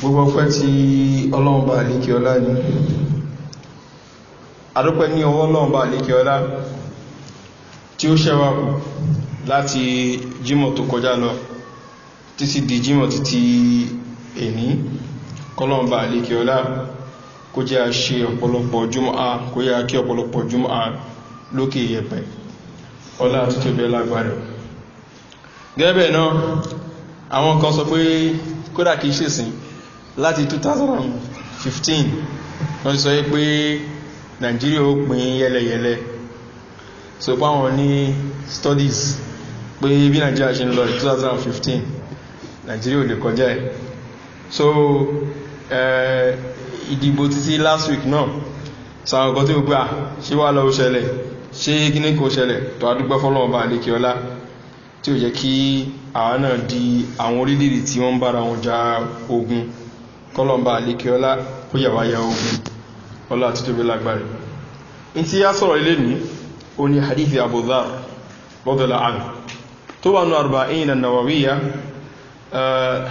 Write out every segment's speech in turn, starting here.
gbogbo ọpẹ́ tí ọlọ́ọ̀bá àlékẹ́ ọlá ní adúpẹ́ ní ọwọ́ ọlọ́ọ̀bá àlékẹ́ ọlá tí ó ṣẹ́wàkù láti jímọ̀ tó kọjá lọ títí di jímọ̀ títí èní kọlọ́ọ̀bá àlékẹ́ ọlá kó jẹ́ àṣẹ ọ̀pọ̀lọpọ̀ jùmọ̀ kó yá kí ọ̀pọ̀lọpọ̀ jùmọ̀ lókè ìyẹ̀pẹ̀ ọlá àtútù bẹ́ẹ̀ lágbàrẹ̀ gẹ́bẹ̀ àwọn kan sọ pé kódà kìí ṣèsìn láti 2015 wọ́n sọ pé Nigeria ó pín yẹlẹyẹlẹ so páwọn ní studies pé bí Nàìjíríà ṣe ń lọ 2015 Nigeria ò lè kọjá ẹ̀ so eh, ìdìbò títí last week náà sàwọn kan ah, tí ó gbà ṣé wà lọ́wọ́ ṣẹlẹ̀ ṣé gíní kò ṣẹlẹ̀ tó adúgbẹ́ fọ́lọ́wọ́ bá àlékè ọlá tí ó yẹ kí àwọn náà di àwọn orílẹ̀-èdè tí wọ́n bára wọn ja ogun kọlọmbà alékiọlá kó yàwáyà ogun ọlá àti tóbi lágbàrí in tí yá sọ̀rọ̀ ilé ní o ní hadithi abudhar bọ́dọ̀lá àn tó wà ní arba'in na nawawiya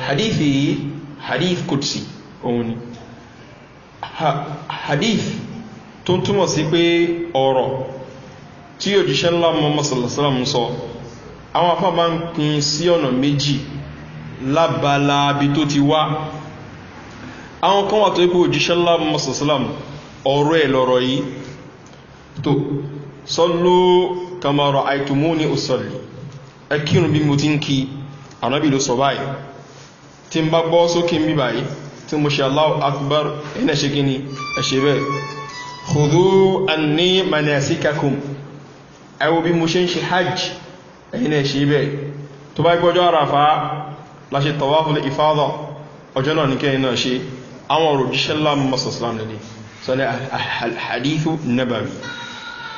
hadithi hadith kutsi ohun ni hadith tó túnmọ̀ sí pé ọ̀rọ̀ tí yóò jíṣẹ́ ńlá mọ́mọ́ sọ̀lọ̀sọ́lá mú sọ àwọn afá máa ń pin sí ọ̀nà méjì lábala bí tó ti wá àwọn kan wà tó ipò òjíṣẹ́ láàmù masasalam ọ̀rọ̀ ẹ̀ lọ́rọ̀ yìí tó sọ́lú kamara àìtùmú ní òsọ̀lì ẹ kírun bí mo ti ń kí ànábì ló sọ báyìí tí ń bá gbọ́ sókè ń bí báyìí tí mo ṣe aláwọ̀ akbar ẹ̀nà ṣe kí ni bẹ́ẹ̀ ọjọ́ náà ní kẹ́yìn náà ṣe àwọn ọ̀rọ̀ òjíṣẹ́ láàmù mọ́sàsílám lẹ́lẹ́ sọ́lẹ̀ àhàdífò nẹ́bàrí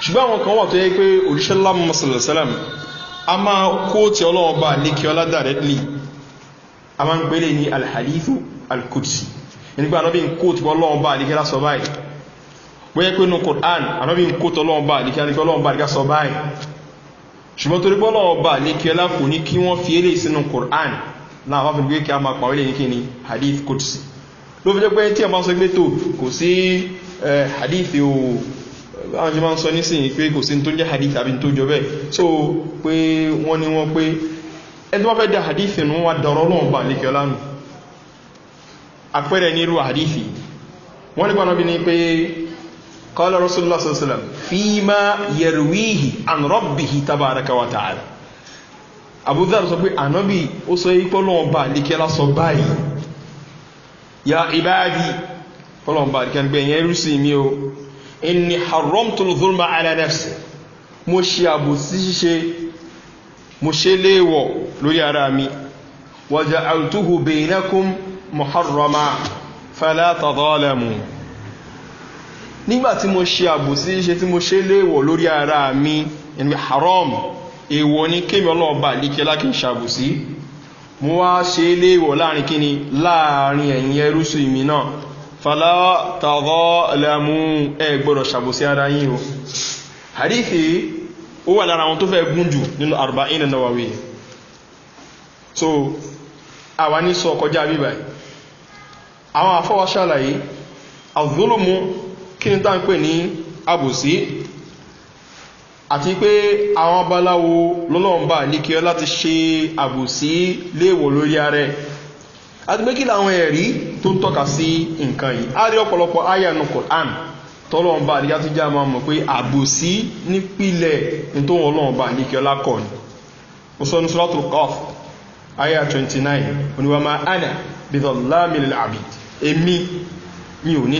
ṣùgbọ́n àwọn kan wà tó yẹ pé òjíṣẹ́ láàmù mọ́sàsílám a máa kó tí ọlọ́wọ́ bá lékè ọlá dàrẹ́tìlì a máa ń pèlè ní alhàdífò alkùtì nígbà anábì ń kó tí ọlọ́wọ́ bá lékè lásọ báyìí sọ báyìí ṣùgbọ́n torí pọ́lọ́wọ́ bá lékè ọlá kò ní kí wọ́n fi ló fi jẹ́ pé tí ẹ máa sọ pé tó kò sí hadith o àwọn jẹ́ máa sọ nísìnyí pé kò sí tó jẹ́ hadith àbí tó jọ bẹ́ẹ̀ so pé wọ́n ni wọ́n pé ẹni wọ́n fẹ́ dá hadith nù wọ́n dọ̀rọ̀ lọ́wọ́n bá lékẹ́ ọlánù àpẹẹrẹ ní irú hadith wọ́n nípa náà bí ni pé kọ́lá rasulullah sallam fíìmá yẹ̀rùwíhì àn tabaraka wa ta'ala abudar sọ pé ànábì ó sọ yí pé lọ́wọ́n ya ibadi ọlọ́run bá dìkan gbé yẹn rú sí mi o inni haramtul zulma ala nafsi mo ṣe àbòsí ṣíṣe mo ṣe léèwọ̀ lórí ara mi wàjá altuhu bainakum muharrama fala tadhalamu nígbàtí mo ṣe àbòsí ṣe tí mo ṣe léèwọ̀ lórí ara mi ẹni haram èèwọ̀ ní kémi ọlọ́ọ̀bá líkẹ́ lákìí ṣàbòsí mo wá ṣe léèwọ̀ láàrin kíni láàrin ẹ̀yìn ẹrúsù ìmì náà fàlá tàbọ́ lẹ́mú ẹgbọ́rọ̀ ṣàbòsí ara yìí o hadithi ó wà lára àwọn tó fẹ́ gún jù nínú arba'in nawawi so àwa ní sọ kọjá bíbà àwọn àfọwọ́ ṣàlàyé àzúlùmù kí ni tá ń pè ní àbòsí àti pé àwọn babaláwo lọ́lọ́mbà ní kí ọ láti ṣe àbòsí léèwọ̀ lórí ààrẹ àti pé kí làwọn ẹ̀rí tó ń tọ́ka sí nǹkan yìí a rí ọ̀pọ̀lọpọ̀ ayanu quran tọ́lọ́mbà ní láti já máa mọ̀ pé àbòsí nípìnlẹ̀ nítorí ọlọ́mbà ní kí ọ ni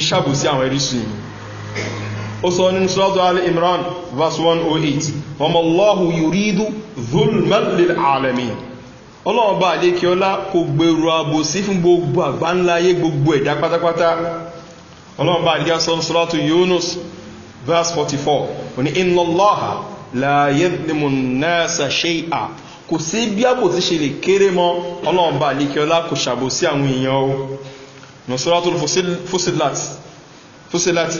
ó sọ ní ó sọ nínú sọ́dọ̀ al-imran verse 108 ọmọlọ́hù yùrídù zulmallil alami ọlọ́run bá àdé kí ọlá kò gbèrò àbò sí fún gbogbo àgbánláyé gbogbo ẹ̀dá pátápátá ọlọ́run bá àdé sọ́dọ̀ sọ́dọ̀ yunus verse 44 òní inlọ́lọ́ha láyé nìmú náà ṣe à kò sí bí àbò ti ṣe lè kéré mọ́ ọlọ́run bá àdé kí ọlá kò ṣàbò sí àwọn èèyàn o nùsọ́dọ̀ fúsílàtì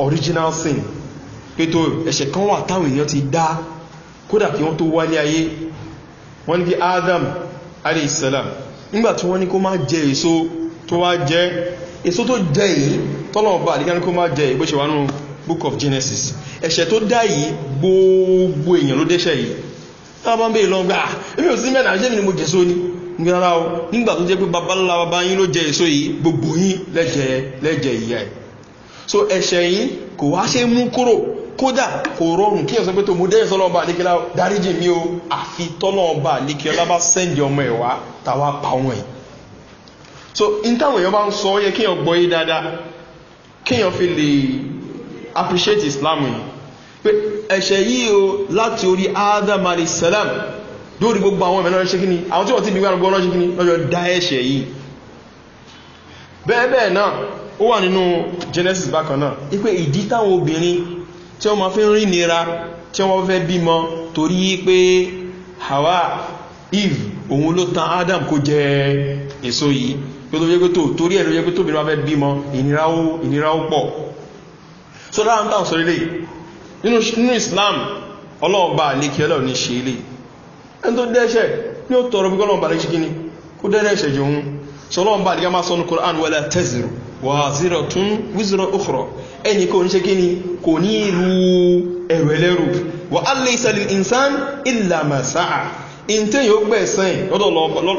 original sin pétó ẹ̀ṣẹ̀ kan wà táwọn èèyàn ti dá kódà kí wọ́n tó wálé ayé wọ́n ní bí adam aleyhisselam nígbàtí wọ́n ní kó má jẹ èso tó wá jẹ èso tó jẹ yìí tọ́lọ̀ọ̀bá ní kó má jẹ ìgbóṣe wánú book of genesis ẹ̀ṣẹ̀ tó dá yìí gbogbo èèyàn ló dẹ́ṣẹ̀ yìí tábá ń bèèrè ah, ni mo jẹ èso ni nígbà tó jẹ́ pé babaláwa bá yín ló jẹ èso yìí so ẹ̀ṣẹ̀ yìí kò wá ṣe mú kúrò kódà kò rọrùn kí ẹ̀sọ́ pé tó mú dẹ́yìn sọ́lọ́ ọba àdékẹ́lá dáríjì mí o àfi tọ́lọ́ ọba àdékẹ́lá bá sẹ́ǹdì ọmọ ẹ̀ wá tàwa pa wọn ẹ̀ so in táwọn èèyàn bá ń sọ yẹ kéèyàn gbọ́ yé dáadáa kéèyàn fi lè appreciate islam yìí pé ẹ̀ṣẹ̀ yìí o láti orí adam alayhis salam lórí gbogbo àwọn ìmẹ́lọ́rẹ́ ṣe kíní àwọn tí wọ́n ti bí gbàgbọ́ lọ́ṣẹ́ kíní lọ́jọ́ dá ẹ̀ṣẹ̀ yìí bẹ́ẹ̀ bẹ́ẹ̀ náà ó wà nínú genesis bákan náà ipé ìdí táwọn obìnrin tí wọ́n ma fi ń rí nira tí wọ́n fẹ́ bímọ torí pé hawa eve òun ló tan adam kó jẹ èso yìí pé tó jẹ́ pé tó torí ẹ̀ ló jẹ́ pé tóbi máa fẹ́ bímọ ìnira ó pọ̀ so dáhùn táwọn sọ lélẹ̀ nínú islam ọlọ́ọ̀bá àlékí ọlọ́ọ̀ ní ṣe ilé ẹni tó dẹ́ṣẹ̀ ní ó tọrọ bí ọlọ́ọ̀bá àlékí kíní kó dẹ́rẹ́ ìṣẹ̀jẹ̀ òun sọlọ́ọ̀bá a máa sọ ní koran wẹ́lẹ̀ tẹ́zìrò wàzírọ̀ tún wíṣírọ̀ òkúrọ̀ ẹni kò ń ṣe kí ni kò ní ìlú ẹ̀rọ ẹlẹ́rù wà á lè ìsàlẹ̀ ìsán ìlàmà sáà ìntẹ́yìn ó gbẹ̀ sẹ́yìn lọ́dọ̀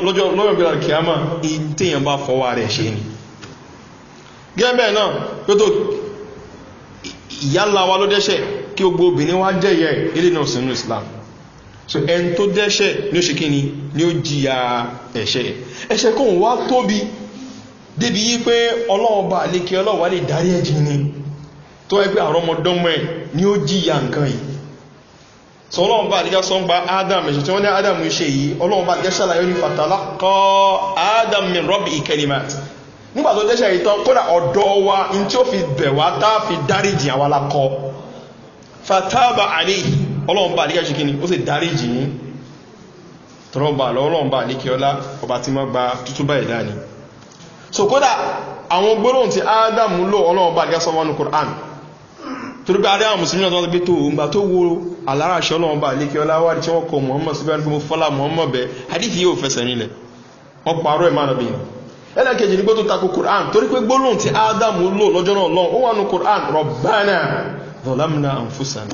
lọ́jọ́ lọ́rọ̀bìnrin kìámà ìntẹ́yìn bá fọwà rẹ̀ ṣe ni gẹ́gẹ́ náà pé tó ìyálà wa ló dẹ́ṣẹ̀ kí gbogbo obìnrin wá jẹ́yẹ ilé náà sínú islam so ẹni tó dẹ́ṣẹ̀ ni ó ṣe kí ni ni ó jìyà ẹ̀ṣẹ̀ ẹ̀ṣẹ̀ kóhùn wá tóbi débi yí pé ọlọ́ọ̀bá àlékẹ́ lè darí ẹ̀jì ni tó ẹgbẹ́ àrọmọdọ́mọ ẹ̀ ni ó jíyà nǹkan yìí àlékẹ́ sọ adam ẹ̀ṣẹ̀ tí wọ́n ní adam ṣe yìí àlékẹ́ ní fàtàlá kọ́ adam mi rọ́bì nígbà tó fi bẹ̀ wá a fi dáríjì àwa la fataba àlè ọlọ́ọ̀bá àlékẹ́ ṣe kí ni ó sì so kódà àwọn gbóròhùn tí adam lò ọlọ́ọ̀bá àgẹ́sọ́wọ́nù quran torí pé adam musulmi náà tó gbé tó òun gbà tó wo aláraṣẹ́ ọlọ́ọ̀bá àlékẹ́ ọláwárí tí wọ́n kọ muhammad síbẹ̀ ní fọ́lá muhammad bẹ́ hadith yóò fẹsẹ̀ nílẹ̀ wọ́n parọ́ ẹ̀ máa nà bìyàn ẹlẹ́kẹ̀jì ní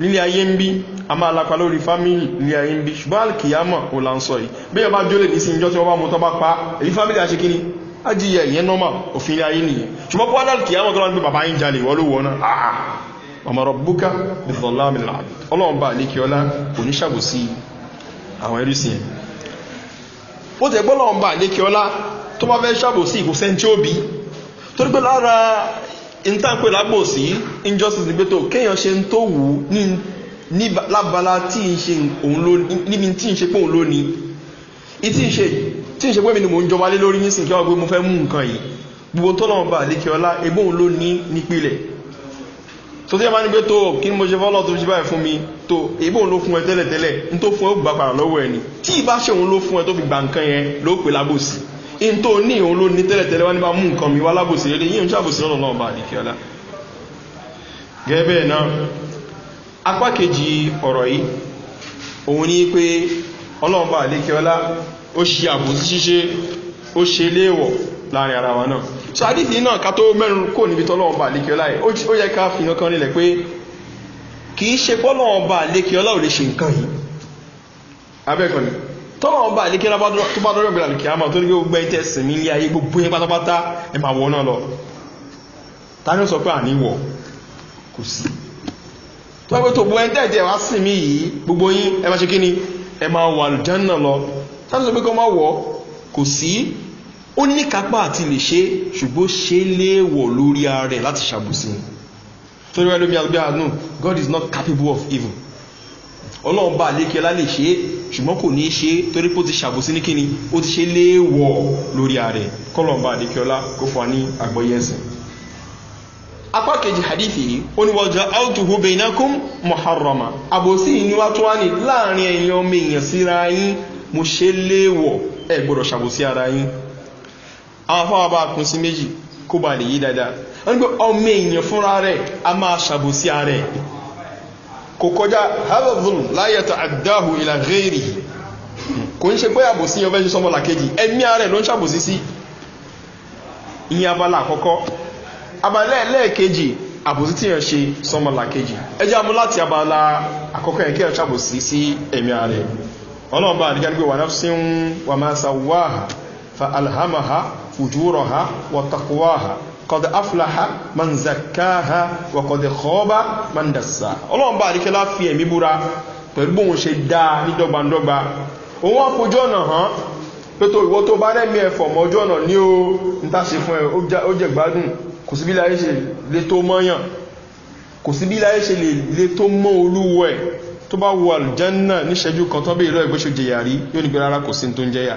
lílé ayé ń bí a máa lapa lórí fámílì lílé ayé ń bí ṣùgbọ́n alkiyama ò là ń sọ yìí bí ọba jólè ní sí ìjọ tí wọ́n bá mú tọ́ bá pa èyí fámílì àṣekiri ajíyẹ ìyẹn nọ́mà òfin ilé ayé nìyẹn ṣùgbọ́n pọ́n alkiyama tó lọ́nà pé bàbá yín jalè wọ́n ló wọ́n náà àà ọmọrọ̀ búkà nìfọ̀lámìlà ọlọ́run bá ìtànpé lágbòsí injustice ni pé tó kéèyàn ṣe ń tó wù ú ní lábala tí ń ṣe òun ló níbi tí ń ṣe pé òun ló ní ìtí ń ṣe tí ń ṣe pé mi ni mò ń jọba lé lórí nísìnyí kí wọ́n pé mo fẹ́ mú nǹkan yìí gbogbo tó lọ́wọ́ bá àlékè ọlá ebó òun ló nípìnlẹ̀ tó tí ẹ bá ní pé tó kí ni mo ṣe fọ́lọ́ tó ṣe báyìí fún mi tó ebó òun ló fún ẹ tẹ́lẹ̀tẹ́lẹ̀ ní tó fún ẹ ó gbà padà lọ́wọ́ ẹ ni tí ì bá ṣe òun ló fún ẹ tó fi Into tó ní òun ló ní tẹ́lẹ̀tẹ́lẹ̀ wá nípa mú nǹkan mi wá lábòsí lélẹ̀ yíò ń ṣàbòsí lọ́nà náà bá àdìkí ọlá gẹ́gẹ́ náà apá kejì ọ̀rọ̀ yìí òun ní pé ọlọ́ọ̀bá àdìkí ọlá ó ṣe àbòsí ṣíṣe ó ṣe léèwọ̀ láàrin ara wa náà so àdìsí náà ká tó mẹ́rin kò níbi tọ́lọ́ọ̀bá àdìkí ọlá yìí ó yẹ ká fi nǹkan rinlẹ̀ pé kì í ṣe àdìkí ọlá ò lè ṣe nǹkan tọ́lọ̀ ọba àdíkẹ́ tó bá dọ́rọ̀ gbẹ̀rẹ̀ kìí àmà tó ní gbogbo ẹ̀ tẹ́sìn ní ilé ayé gbogbo ẹ̀ pátápátá ẹ máa wọ náà lọ ta ní ó sọ pé àníwọ̀ kò sí tó ẹgbẹ́ tó gbogbo ẹ̀ tẹ́ẹ̀tẹ́ sí mi yìí gbogbo yín ẹ máa ṣe kí ni ẹ máa wà lùján náà lọ ta ní sọ pé kọ́ máa wọ̀ kò sí ó ní kápá àti lè ṣe ṣùgbọ́n ṣe léèwọ̀ lórí ara rẹ̀ láti ṣàbùsí torí wẹ́n lómi àgbẹ̀ àánú god is not capable of evil ọlọ́run bá àlékẹ́ lá ṣe é ṣùgbọ́n kò ní í ṣe torí pé ó ti ṣàbòsí ní kíni ó ti ṣe léèwọ̀ lórí ààrẹ kọlọ̀mbà àdékíọlá kó fún ní àgbọ̀yé ẹ̀sìn. apá kejì hadithi ó ní wọ́n jọ altuhu beinakum muharrama àbòsí ni wá tó wá ní láàrin ẹ̀yàn ọmọ èèyàn síra yín mo ṣe léèwọ̀ ẹ̀ gbọ́dọ̀ ṣàbòsí ara yín. àwọn afọ àbá kún sí méjì kó ba lè yí dáadáa wọ́n ní pé ọmọ èèyàn fúnra rẹ̀ a máa ṣàbòsí ara rẹ̀ kò kọjá harvard láyẹ̀tọ̀ àdáhù ìlà rẹ́rì kò ń ṣe si àbòsí yẹn fẹ́ ṣe sọmọ làkejì ẹ̀mí ààrẹ ló ń ṣàbòsí sí ìyẹn abala àkọ́kọ́ abala ẹlẹ́ẹ̀kejì àbòsí tí yẹn ṣe sọmọ làkejì ẹ jẹ́ abala akoko yẹn kí yẹn ṣàbòsí sí ẹ̀mí ààrẹ ọlọ́run bá àdìgá gbé wà náà wa ń wà máa sa fa alhamaha kọ̀dì afláha man zakaha wà kọ̀dì kọ́ọ́bá man dasa ọlọ́run bá àríkẹ́lá fi ẹ̀mí búra pẹ̀lú bóun ṣe dáa ní dọ́gbandọ́gba òun wá fojú ọ̀nà hàn pẹ̀tò ìwọ tó bá rẹ̀mí ẹ̀fọ̀ mọ́ ojú ọ̀nà ní o ń tàṣe fún ẹ ó jẹ́ gbádùn kò sí bí láyé ṣe lè tó mọ́yàn kò sí bí láyé ṣe lè tó mọ́ olúwọ̀ tó bá wọ àlùjẹ́ náà níṣẹ́jú kan tán bí ìlọ́ ìgbésòjìyà rí yóò nígbẹ́ rárá kò sí tó ń jẹ́yà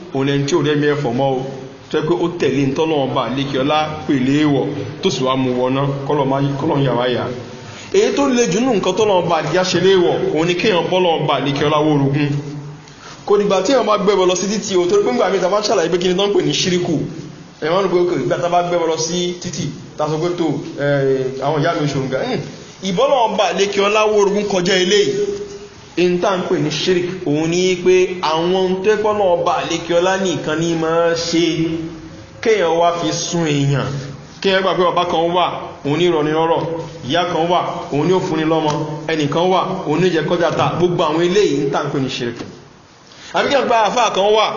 òun ẹni tí ò rẹ́mi ẹ̀fọ̀ mọ́ o tó yẹ pé ó tẹ̀lé ntọ́lọ́wọ́n bá lékiọlá pèlè wọ̀ tó sì wá mú wọná kọ́lọ́n yàrá yà èyí tó le jù nù nǹkan tọ́lọ́wọ́n bá àdìyá ṣe léwọ̀ òun ni kéèyàn bọ́lọ́wọ́n bá lékiọlá wó orogún kò dìgbà tí èèyàn bá gbẹ̀bọ̀ lọ sí títì o torí pé ìgbà mi in ta n pè ní shirk òun ní pé àwọn tó ọba àlékiọlá ní ìkan ní máa ṣe kéèyàn wá fi sun èèyàn kéèyàn gbà ọba kan wà òun ní ìrọ̀ni rọ́rọ̀ ìyá kan wà òun ní lọ́mọ wà òun ní kọjá ta gbogbo àwọn eléyìí ń n pè ní kan wà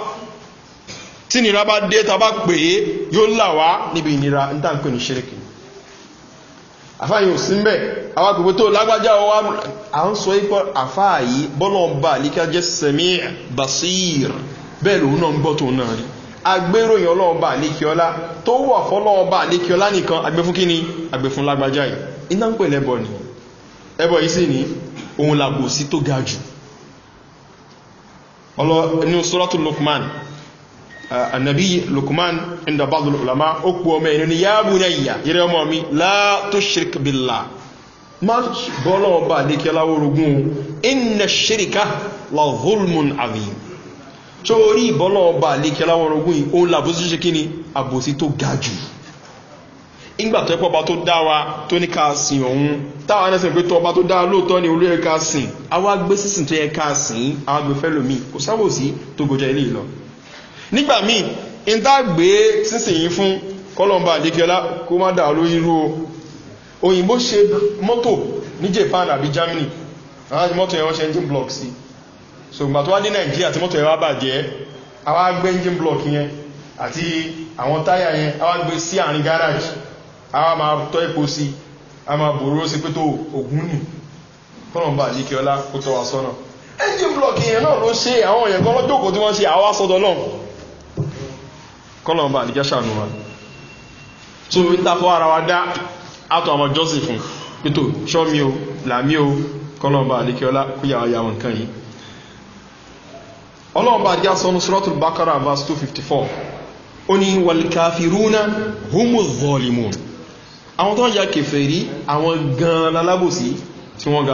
tí nira bá dé ta bá pè é yóò là wá àfáàyí ò sí mẹ́ àwọn agbègbè tó lágbájá ọwá à ń sọ ipọ́ àfáàyí bọ́lọ̀mbà líkájẹ́ sẹ̀mí basir bẹ́ẹ̀ lòun náà ń gbọ́ tó náà rí agbéròyìn ọlọ́ọ̀bà àlékiọlá tó wà fọ́lọ́ọ̀bà àlékiọlá nìkan agbẹ́fún kíni agbẹ́fún lágbájá yìí iná ń pè lẹ́bọ̀ ni ẹbọ̀ yìí sì ni òun làbòsí tó ga jù ọlọ́ ní sọ́rọ́tù lukman Uh, annabi lukman inda ba'd ulama o ku o me ni ya bunayya ire ọmọ mi la tushrik billah ma bolo ba ni ke lawo rogun inna shirka la zulmun azim torí bolo ba ni ke lawo rogun o la bo se kini abosi to gaju ìgbà tó ẹpọ̀ ọba tó dá wa tó ní ká sìn òun táwọn ẹnẹsìn pé tó ọba tó dá lóòótọ́ ni olóyè ká sìn àwọn agbésísìn tó yẹ ká sìn àwọn agbèfẹ́ lòmíì kò sábòsí tó gọjá ilé ìlọ nígbà míì in tá gbé sínsìnyí fún kọlọmbà àdékẹlá kó má dà lórí irú òyìnbó ṣe mọ́tò ní japan àbí germany àwọn mọ́tò ẹ̀wọ́n ṣe engine block sí so gbà tó wá ní nigeria ti mọ́tò ẹ̀wọ́ bàjẹ́ àwọn agbé engine block yẹn àti àwọn táyà yẹn àwọn agbé sí àárín garage àwọn máa tọ́ epo sí a máa bòrò sí pé tó ògún nì kọ́nà bá kó tọ́ wa sọ́nà engine block yẹn náà ló ṣe àwọn èèyàn lọ́jọ́ òkú tí wọ́n ṣe àwọn asọ́dọ̀ náà kọ́lọ̀mbà àdíjá ṣàánú wa so n tafọ́ ara wa dá átọ̀ àmọ́ jọ́sìn fún pító ṣọ́mí o làmí o kọ́lọ̀mbà àdíkẹ́ọ́lá kúyàwó yàwó nǹkan yìí ọlọ́mbà àdíjá sọ́nù suratul bakara verse 254 ó ní wàlkàfirúnà humus volume àwọn tó ya kèfèrí àwọn gan-an lalábòsí tí wọ́n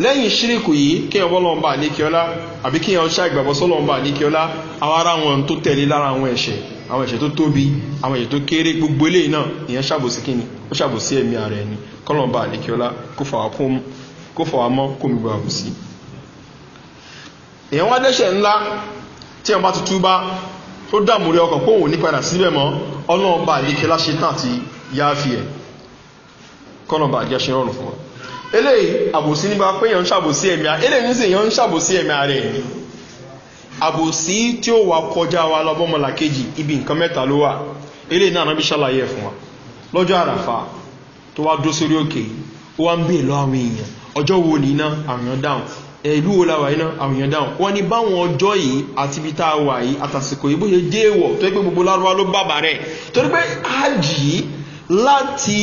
lẹ́yìn ṣíríkù yìí kí ọbọ́ lọ́nbà níkíọ́lá àbí kí ọṣá ìgbàbọ́sọ́ lọ́nbà níkíọ́lá àwọn ará wọn tó tẹ̀lé lára àwọn ẹ̀ṣẹ̀ àwọn ẹ̀ṣẹ̀ tó tóbi àwọn ẹ̀ṣẹ̀ tó kéré gbogbo eléyìí náà ìyẹn ṣàbòsí kíni ó ṣàbòsí ẹ̀mí ara ẹni kọ́lọ́nbà níkíọ́lá kó fọwọ́ mọ́ kó mi gbà bùsí. èèyàn wá dẹ́ṣẹ̀ ńlá tí wọn bá tutù bá ó dààmú rí ọkàn kó wò ní padà síbẹ̀ eléyìí àbòsí nípa pé èèyàn ń ṣàbòsí ẹ̀mí ara eléyìí ní sì èèyàn ń ṣàbòsí ẹ̀mí ara ẹ̀ àbòsí tí ó wà kọjá wa lọ́bọ́mọlà kejì ibi nǹkan mẹ́ta ló wà eléyìí náà nábí ṣàlàyé ẹ̀ fún wa lọ́jọ́ àràfà tó wá dó sórí òkè ó wá ń bè lọ àwọn èèyàn ọjọ́ wo ní iná àwọn dáhùn ìlú wo la wà iná àwọn èèyàn dáhùn wọ́n ní báwọn ọjọ́ yìí àti ibi tá a wà yìí àtàsìkò yìí bó ṣe dé èèwọ̀ tó yẹ pé gbogbo lárúbá ló bàbà rẹ̀ torí pé ájì láti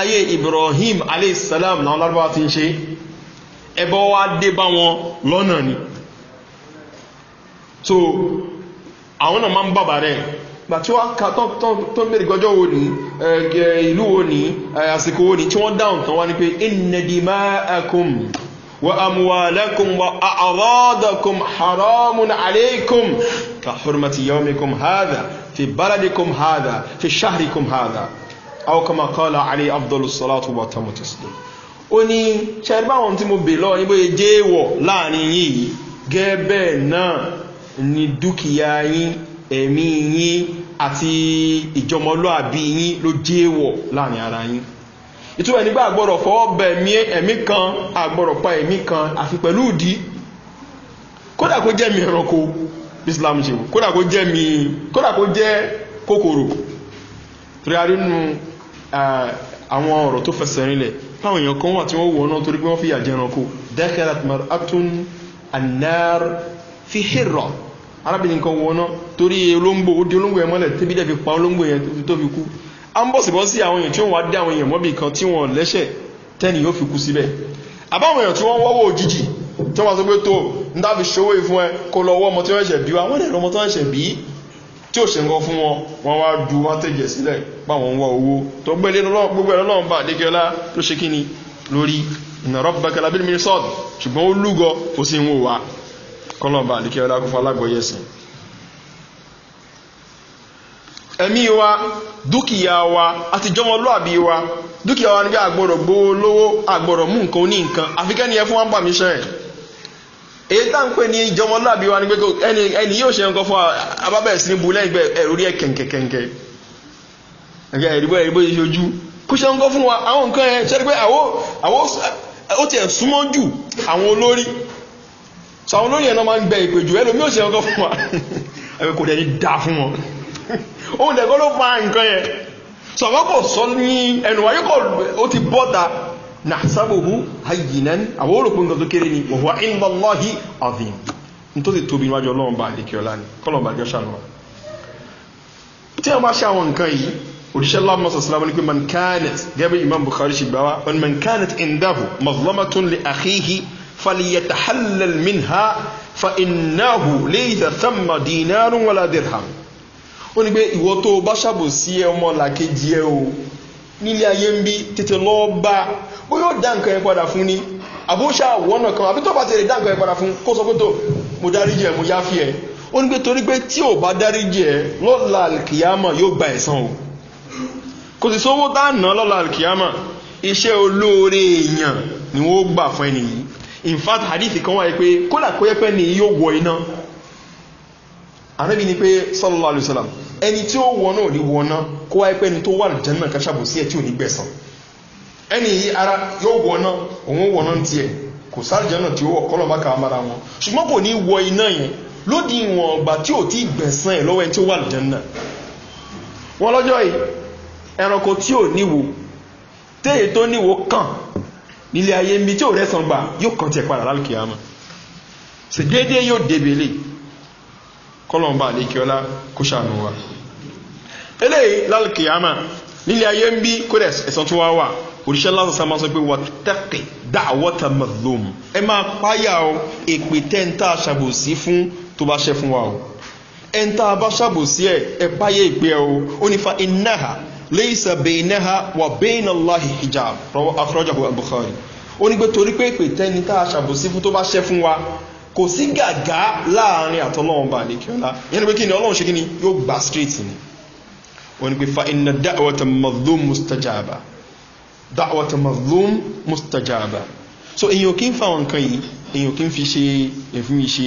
ayé ibrahim aleyhisselam náà lárúbáwá ti ń ṣe ẹbọ wá dé bá wọn lọ́nà ni so àwọn náà máa ń bàbà rẹ̀ gbà tí wọ́n ká tó ń bèèrè gọjọ́ wo ní ìlú wo ní àsìkò wo ní tí wọ́n dáhùn tán wá ní pé ìnàdìmá ẹkùn وأموالكم وأعراضكم حرام عليكم كحرمة يومكم هذا في بلدكم هذا في شهركم هذا àwọkọ̀mà kọ́lá àrí abdullahi salatu wa tamu tesla ó ní ṣẹ́rí báwọn tí mo bè lọ́wọ́ ní bóyá jẹ́ èèwọ̀ láàrin yìí gẹ́bẹ̀ náà ni dúkìá yín ẹ̀mí yín àti ìjọmọlúàbí yín ló jẹ́ èèwọ̀ láàrin ara yín ìtumọ̀ nígbà àgbọ̀rọ̀ fọwọ́ bẹ̀ ẹ̀mí kan àgbọ̀rọ̀ pa ẹ̀mí kan àfi pẹ̀lú ìdí kódà kó jẹ́ mi ẹranko islam ṣe kódà kó jẹ́ mi kódà kó jẹ́ kòkòrò torí a rí nínú àwọn ọ̀rọ̀ tó fẹsẹ̀ rinlẹ̀ fáwọn èèyàn kan wà tí wọ́n wọ́n náà torí pé wọ́n fi yàjẹ́ ẹranko dẹ́kẹ́rat maratun anar fi hìrọ̀ arábìnrin kan wọ́n náà torí olóńgbò ó di olóńgbò yẹn mọ́lẹ̀ tẹ́bí dẹ̀ fi pa olóńgbò yẹn tó fi kú a ń bọ̀sibọ́ sí àwọn èèyàn tí wọ́n wá dé àwọn èèyàn mọ́bì kan tí wọ́n lẹ́ṣẹ̀ tẹ́ni yóò fi kú síbẹ̀ àbáwọn èèyàn tí wọ́n wọ́wọ́ òjijì tí wọ́n wá sọ pé tó ń dábì ṣòwò ìfún ẹ kó lọ wọ́ ọmọ tí wọ́n ṣẹ̀ bí wa wọ́n dẹ̀ ọmọ tí wọ́n ṣẹ̀ bí tí ò ṣe ń kọ́ fún wọn wọ́n wá ju wọ́n tẹ̀jẹ̀ sílẹ̀ páwọn ń wọ owó tó gbélé gbogbo ẹ̀rọ náà bà dékẹ́lá ló ṣe kí ni lórí ìnàrọ̀ bàkàlà bí mi sọ́ọ̀dù ṣùgbọ́n ó lúgọ ó sì ń wò wá kọ́lọ̀bà dékẹ́lá kó fún alágbọ̀yẹ̀sìn ẹ̀mí wa dúkìá wa àti jọmọlúàbí wa dúkìá wa níbi àgbọ̀rọ̀ gbówó lówó àgbọ̀rọ̀ mú nǹkan oní nǹkan àfikẹ́ni ẹ fún wọn pàmíṣẹ́ ẹ̀ èyí tá n pè ní ìjọmọlúàbí wa ni pé ẹni yóò ṣe nǹkan fún abábẹ̀rẹ̀ sí ní bu lẹ́yìn pé ẹ̀rù rí ẹ̀ kẹ̀kẹ̀kẹ̀kẹ̀ ẹ̀rù ẹ̀rù ẹ̀rù yìí ojú kó ṣe nǹkan fún wa àwọn nǹkan ẹ̀ ṣe pé àwọ ó tiẹ̀ súnmọ́ jù àwọn olórí sọ àwọn olórí ẹ̀ náà máa ń gbẹ ìpè jù ẹlòmí ò ṣe nǹkan fún wa ẹ̀rù kò dẹ̀ dá fún wọn òun dẹ̀ kọ́ ló pa nǹkan yẹn sọ̀rọ̀ kò sọ ní ẹnu wáyé kò ó ti bọ́ta nàṣàbòbù hayyinan àwọn òròpó nǹkan tó kéré ni wọ̀wọ̀ ìndọ̀lọ́hì azim ní tó sì tóbi níwájú ọlọ́run bá àdékè ọlá ni kọ́lọ̀mbà jọ ṣàlọ́ tí wọ́n bá ṣe àwọn nǹkan yìí òṣìṣẹ́ lọ́mọ sọ̀sọ́lá wọn ni pé man kanet gẹ́gẹ́ imam bukhari ṣe gbáwa wọn man kanet indahu mazlamatun li akhihi falyatahallal minha fa innahu laysa thamma dinarun wala dirham ó ní pé ìwọ tó bá ṣàbòsí ẹ ọmọ làkejì ẹ o nílé ayé ń bí tètè lọ bá ó yóò dá nǹkan yẹn padà fún ni àbúṣà wọ́nà kan àbí tó bá ti lè dá nǹkan yẹn padà fún kó sọ pé tó mo dáríjì ẹ mo yá fi ẹ ó ní pé torí pé tí ò bá dáríjì ẹ lọ́la alkiyama yóò gba ẹ̀sán o kò sì sówó tá à ná lọ́la alkiyama iṣẹ́ olóore èèyàn ni wọ́n gbà fún ẹnìyí in fact hadith kan wáyé pé kódà kó ni yóò wọ iná ànábì ni pé sọ́lọ́lá alùsọ́làm ẹni tí ó wọ náà ní wọná kó wáyé pé ẹni tó wà lùjẹ́ náà kẹ́sàbò sí ẹ̀ tí ò ní gbẹ̀sán ẹni yìí ara yóò wọná òun wọná ti ẹ̀ kò sálùjẹ́ náà tí ó wọ̀ kọ́lọ̀ bá kàwá mara wọn ṣùgbọ́n kò ní wọ iná yẹn lódì ìwọ̀n ọgbà tí ò tí gbẹ̀sán ẹ̀ lọ́wọ́ ẹni tí ó wà lùjẹ́ náà wọn lọ́jọ́ yìí ẹranko tí ò níwò kọlọ̀mbà àdékíọ́lá kó ṣàánú wa eléyìí lálùkìyàmà nílé ayé ń bí kódẹ̀ ẹ̀sán tó wá wà òṣìṣẹ́ lásán sá máa sọ pé wà tẹ́kì dá wọ́tà mazlum ẹ máa páyà o èpè tẹ́ńtà ṣàbòsí fún tó bá ṣẹ́ fún wa o ẹ̀ńtà bá ṣàbòsí ẹ̀ ẹ páyà èpè ẹ ó nífa ináhà léyìísà bẹ́ẹ̀náhà wà bẹ́ẹ̀nà láhì hijab rọwọ́ afrọ́jà buhari ó ní pé torí pé èpè tẹ́ńtà ṣàbòsí fún tó bá ṣẹ́ fún wa kò sí gàgá láàrin àtọ́lọ́wọ́n bá ní kíọ́lá yẹn pé kí ni ọlọ́run ṣe kí ni yóò gbà straight ni wọ́n ni pé fa iná dáwọ́ta mazlum mustajaba dáwọ́ta mazlum mustajaba so èyàn kí ń fa àwọn nǹkan yìí èyàn kí ń fi ṣe èfún ìṣe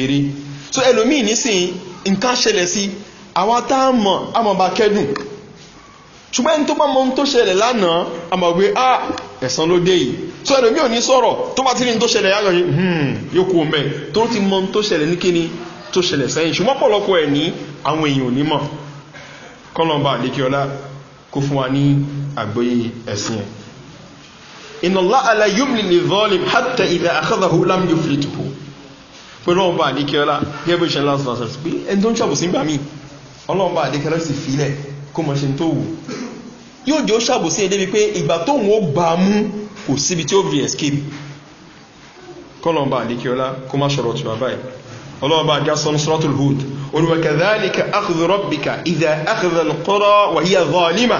eré so ẹlòmíì nísìn nǹkan ṣẹlẹ̀ sí àwa tá a mọ̀ a mọ̀ bá kẹ́dùn ṣùgbọ́n tó bá mọ tó ṣẹlẹ̀ lánàá a mọ̀ pé ah ẹ̀sán ló dé yìí so ẹlòmí ò ní sọ̀rọ̀ tó bá ti ní tó ṣẹlẹ̀ yáyọ̀ yìí hmm. yóò kú mẹ́ tó ti mọ tó ṣẹlẹ̀ ní kíni tó ṣẹlẹ̀ sẹ́yìn ṣùgbọ́n pọ̀lọpọ̀ ẹ̀ ní àwọn èèyàn ní mọ̀ kọlọmbà àdékíọlá kó fún wa ní àgbóyé ẹ̀sìn ẹ̀ iná láàlá yúmlì lè vọ́ọ̀lì hátà ilẹ̀ àkọ́dàhù lámìlú fìlìtìpù pẹ̀lú ọmọba àdékíọlá gẹ́gbẹ́ ìṣẹ́ lásán kò síbi tí ó fi escape kọlọmba àdíkíọlá kó má ṣọ̀rọ̀ tí wà báyìí ọlọ́ọ̀bá jásọ́nù sọ́tùl hood olùwẹ̀kẹ̀dálíkà akhdọ̀rọ̀bìkà ìdá akhdọ̀lọ́kọ́rọ̀ wàyí àzọ́ọ̀límà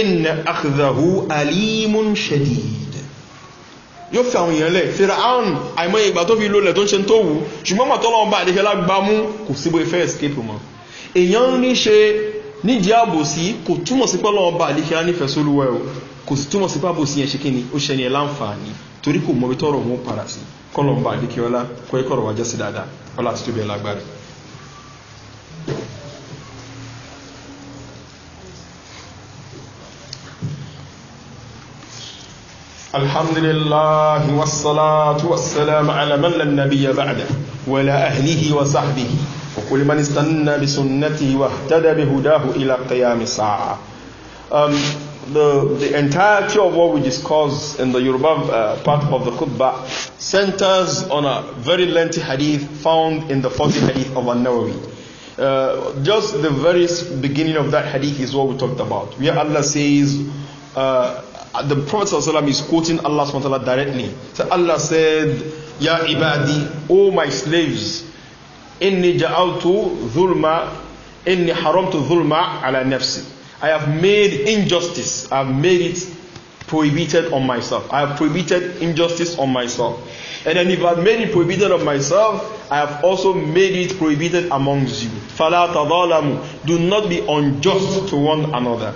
inna akhdọ̀hú alímún ṣadìd yóò fi àwọn èèyàn lẹ̀ fèrè àwọn àìmọ́ ìgbà tó fi lólẹ̀ tó ń ṣe tó wù ṣùgbọ́n mọ̀ tọ́lọ́ọ̀bá àdíkíọlá gbámú kò síbo ìfẹ́ escape mọ́ èèyàn ń rí o kò sì túmọ̀ sí pábò sí yẹn kíni ó ṣẹni ẹ̀ torí kò mọ̀ bí tọ́rọ̀ padà sí kọ́lọ̀mbà àdékíọ́lá kọ́ ẹ̀kọ́rọ̀ wájọ́ sí dáadáa ọlá àti tóbi ẹ̀ lágbára. الحمد لله والصلاة والسلام على من لا نبي بعده ولا أهله وصحبه وكل من استنى بسنته واهتدى بهداه إلى قيام الساعة. Um, the, the entirety of what we discuss in the Yoruba uh, part of the khutbah centers on a very lengthy hadith found in the 40 hadith of An-Nawawi. Uh, just the very beginning of that hadith is what we talked about, where Allah says, uh, the Prophet ﷺ is quoting Allah SWT directly. So Allah said, Ya ibadi, O my slaves, inni ja'altu dhulma, inni haramtu dhulma ala nafsi. I have made injustice, I have made it prohibited on myself. I have prohibited injustice on myself. And then if I've made it prohibited of myself, I have also made it prohibited amongst you. Do not be unjust to one another.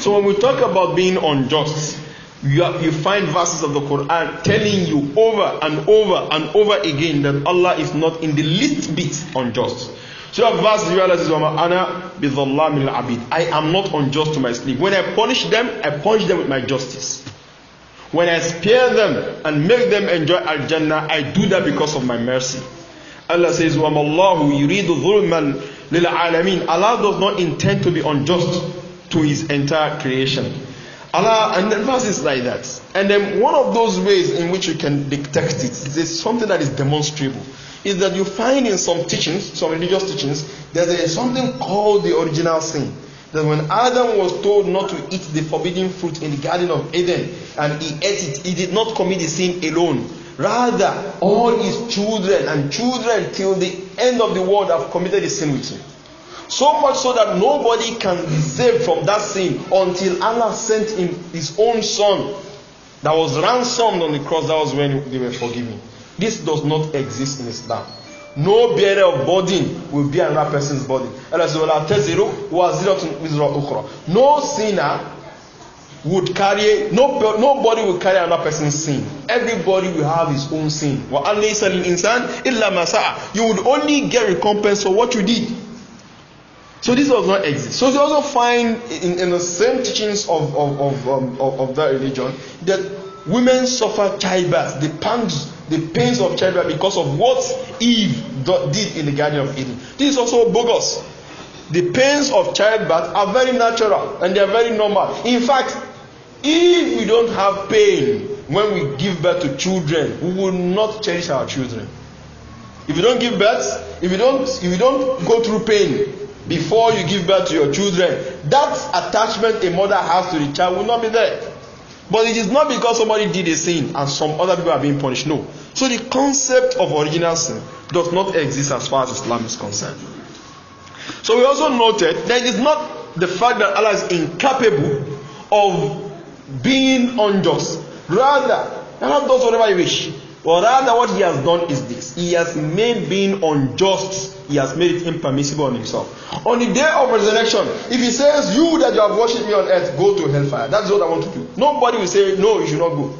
So when we talk about being unjust, you, have, you find verses of the Quran telling you over and over and over again that Allah is not in the least bit unjust. So verse 0 says, Ana bidhallamil abid. I am not unjust to my slave. When I punish them, I punish them with my justice. When I spare them and make them enjoy Al Jannah, I do that because of my mercy. Allah says, Wamallahu yuridu dhulman lil alamin. Allah does not intend to be unjust to his entire creation. Allah, and then verses like that. And then one of those ways in which you can detect it is something that is demonstrable is that you find in some teachings, some religious teachings, that there is something called the original sin. That when Adam was told not to eat the forbidden fruit in the Garden of Eden and he ate it, he did not commit the sin alone. Rather, all his children and children till the end of the world have committed the sin with him. So much so that nobody can be saved from that sin until Allah sent him his own son that was ransomed on the cross. That was when they were forgiven. This does not exist in Islam. No bearer of burden will bear another person's burden. No sinner would carry no nobody will carry another person's sin everybody will have his own sin wa alaysa lil insan illa ma sa'a you would only get recompense for what you did so this does not exist so you also find in, in the same teachings of of of, um, of of that religion that women suffer childbirth the pangs the pains of childbirth because of what Eve did in the Garden of Eden. This is also bogus. The pains of childbirth are very natural and they are very normal. In fact, if we don't have pain when we give birth to children, we will not cherish our children. If you don't give birth, if you don't, if you don't go through pain before you give birth to your children, that attachment a mother has to the child will not be there. But it is not because somebody did a sin and some other people are being punished. No. So the concept of original sin does not exist as far as Islam is concerned. So we also noted that it is not the fact that Allah is incapable of being unjust. Rather, Allah does whatever he wishes. But rather, what he has done is this he has made being unjust, he has made it impermissible on himself. On the day of resurrection, if he says, You that you have worshipped me on earth, go to hellfire, that's what I want to do. Nobody will say, No, you should not go.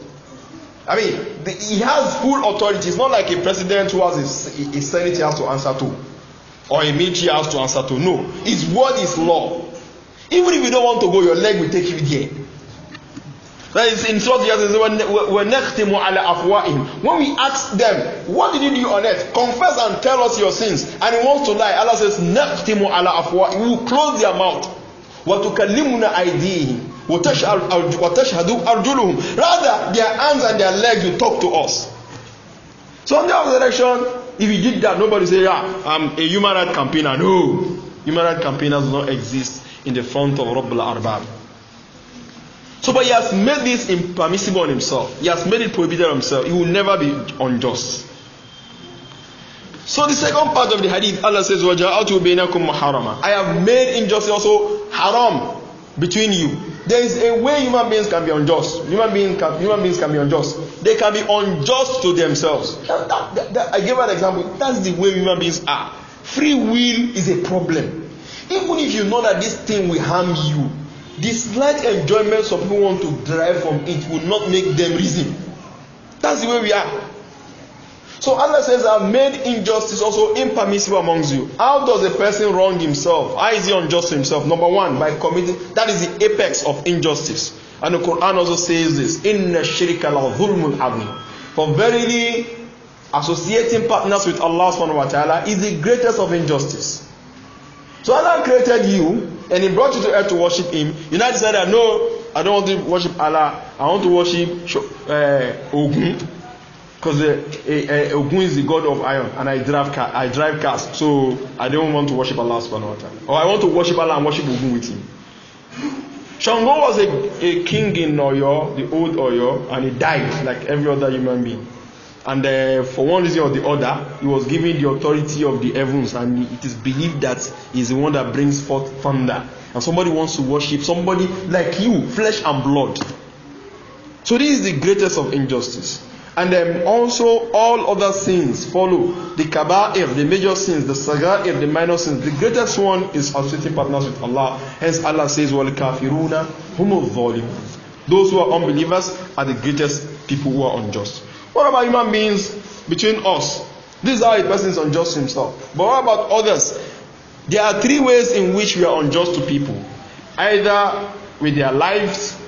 I mean, the, he has full authority. It's not like a president who has a, a senate he has to answer to, or a military has to answer to. No, his word is law. Even if you don't want to go, your leg will take you there. That is in Surah Yasin, when we ask them, what did you do on earth? Confess and tell us your sins. And he wants to lie. Allah says, "Nakhtimu ala afwa." He will close their mouth. وَتُكَلِّمُنَا أَيْدِيهِمْ وَتَشْهَدُ أَرْجُلُهُمْ Rather, their hands and their legs will talk to us. So on the other direction, if you did that, nobody say, yeah, I'm a human rights campaigner. No. Human rights campaigners do not exist in the front of Rabbul Arbab. So, but he has made this impermissible on himself. He has made it prohibited on himself. He will never be unjust. So the second part of the hadith, Allah says, وَجَعَلْتُ بَيْنَكُمْ مُحَرَمًا I have made injustice also haram between you. There is a way human beings can be unjust. Human, beings can, human beings can be unjust. They can be unjust to themselves. That, that, that, I gave an example. That's the way human beings are. Free will is a problem. Even if you know that this thing will harm you, the slight enjoyment some people want to derive from it will not make them reason that's the way we are so allah says i have made injustice also impermissible amongst you how does a person wrong himself how is he unjust to himself number one by committing that is the apex of injustice and the quran also says this inna shirika la dhulmun azim for verily associating partners with allah subhanahu wa ta'ala is the greatest of injustice so allah created you and he brought you to earth to worship him you now decide that no i don't want to worship allah i want to worship uh, ogun because uh, eh, uh, eh, ogun is the god of iron and i drive car i drive cars so i don't want to worship allah for wa time. or i want to worship allah and worship ogun with him shango was a, a king in oyo the old oyo and he died like every other human being And uh, for one reason or the other, he was given the authority of the heavens, and it is believed that he is the one that brings forth thunder. And somebody wants to worship somebody like you, flesh and blood. So this is the greatest of injustice. And um, also all other sins follow the kaba'ir, the major sins, the saga'ir, the minor sins. The greatest one is associating partners with Allah. Hence Allah says, Wal kafiruna humu Those who are unbelievers are the greatest people who are unjust. What about human beings between us? This is how a person is unjust to himself. But what about others? There are three ways in which we are unjust to people either with their lives,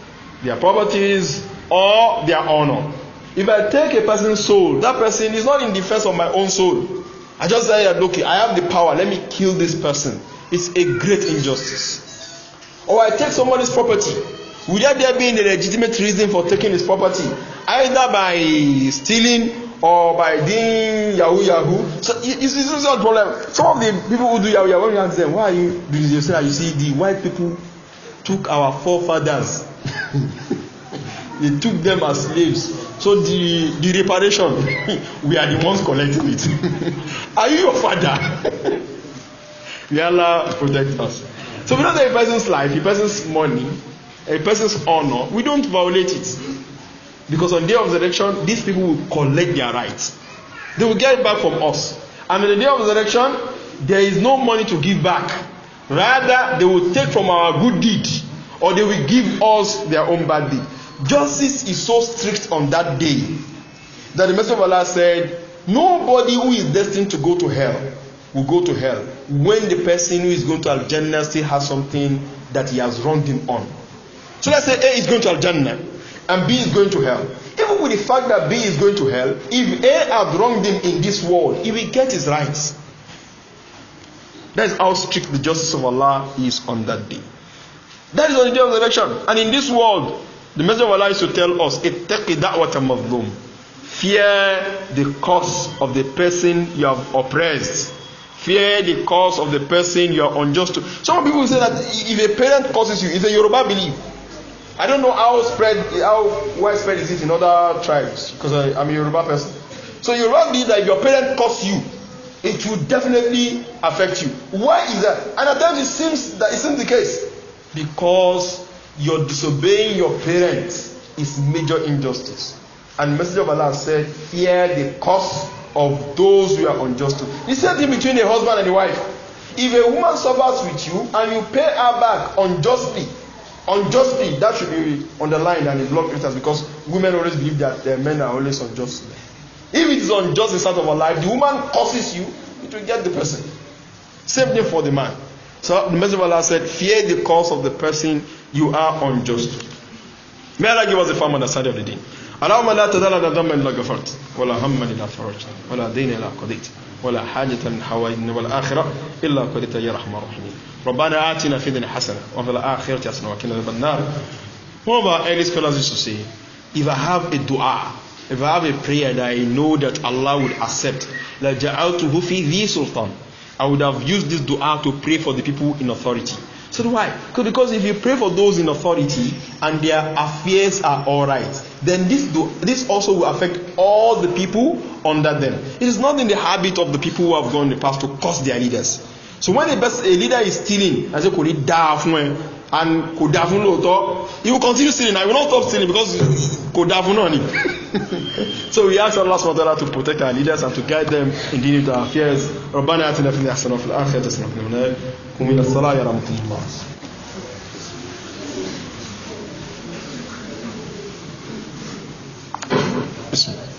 their properties, or their honor. If I take a person's soul, that person is not in defense of my own soul. I just say that, okay, I have the power, let me kill this person. It's a great injustice. Or I take somebody's property. Would there be a legitimate reason for taking his property either by stealing or by doing yahoo yahoo so it is it is not problem some of the people who do yahoo yahoo when you ask them why are you doing this you say you see the white people took our forefathers they took them as slaves so the the reparation we are the ones collecting it are you your father yalla protect us so we know a person's life a person's money a person's honor, we don't violate it. Because on the day of the election, these people will collect their rights. They will get back from us. And on the day of the election, there is no money to give back. Rather, they will take from our good deed or they will give us their own bad deed. Justice is so strict on that day that the Messenger of Allah said, Nobody who is destined to go to hell will go to hell when the person who is going to Al Jannah still has something that he has wronged him on. So let's say A is going to Al Jannah and B is going to hell. Even with the fact that B is going to hell, if A had wronged him in this world, he will get his rights. That is how strict the justice of Allah is on that day. That is on the day of the election. And in this world, the message of Allah is to tell us, Fear the cause of the person you have oppressed. Fear the cause of the person you are unjust to. Some people say that if a parent causes you, it's a Yoruba belief. I don't know how spread how widespread is it in other tribes because I, I'm a Yoruba person. So Yoruba believe that if your parent curse you, it will definitely affect you. Why is that? And at times it seems that it seems the case because you're disobeying your parents is major injustice. And message of Allah said, "Fear the curse of those who are unjust He said in between a husband and a wife. If a woman suffers with you and you pay her back unjustly, unjustly that should be underlined and in blood letters because women always believe that uh, men are always unjust if it is unjust inside of our life the woman curses you it will get the person same thing for the man so the messenger of allah said fear the cause of the person you are unjust may allah give us a firm understanding of the thing اللهم لا تدع لنا ذنبا الا غفرت ولا هم الا فرجت ولا دين الا قضيت ولا حاجة من حوائجنا والآخرة إلا قضيت يا رحمة الرحيم ربنا آتنا في الدنيا حسنة وفي الآخرة حسنة وكنا في النار One of our early scholars used to say, if I have a dua, if I have a prayer that I know that Allah would accept, لَجَعَلْتُهُ فِي ذِي sultan, I would have used this dua to pray for the people in authority. So why? Because if you pray for those in authority and their affairs are all right, then this, do, this also will affect all the people under them. It is not in the habit of the people who have gone in the past to curse their leaders. So when a, best, a leader is stealing, as I say, and kò da lóòótọ́ he will continue stealing and he will not stop stealing because kò da fún náà ni so we ask Allah subhanahu wa ta'ala to protect our leaders and to guide them in dealing with our affairs ربنا آتنا في الدنيا حسنة وفي الآخرة حسنة وقنا النار قوموا إلى الصلاة يرحمكم الله بسم الله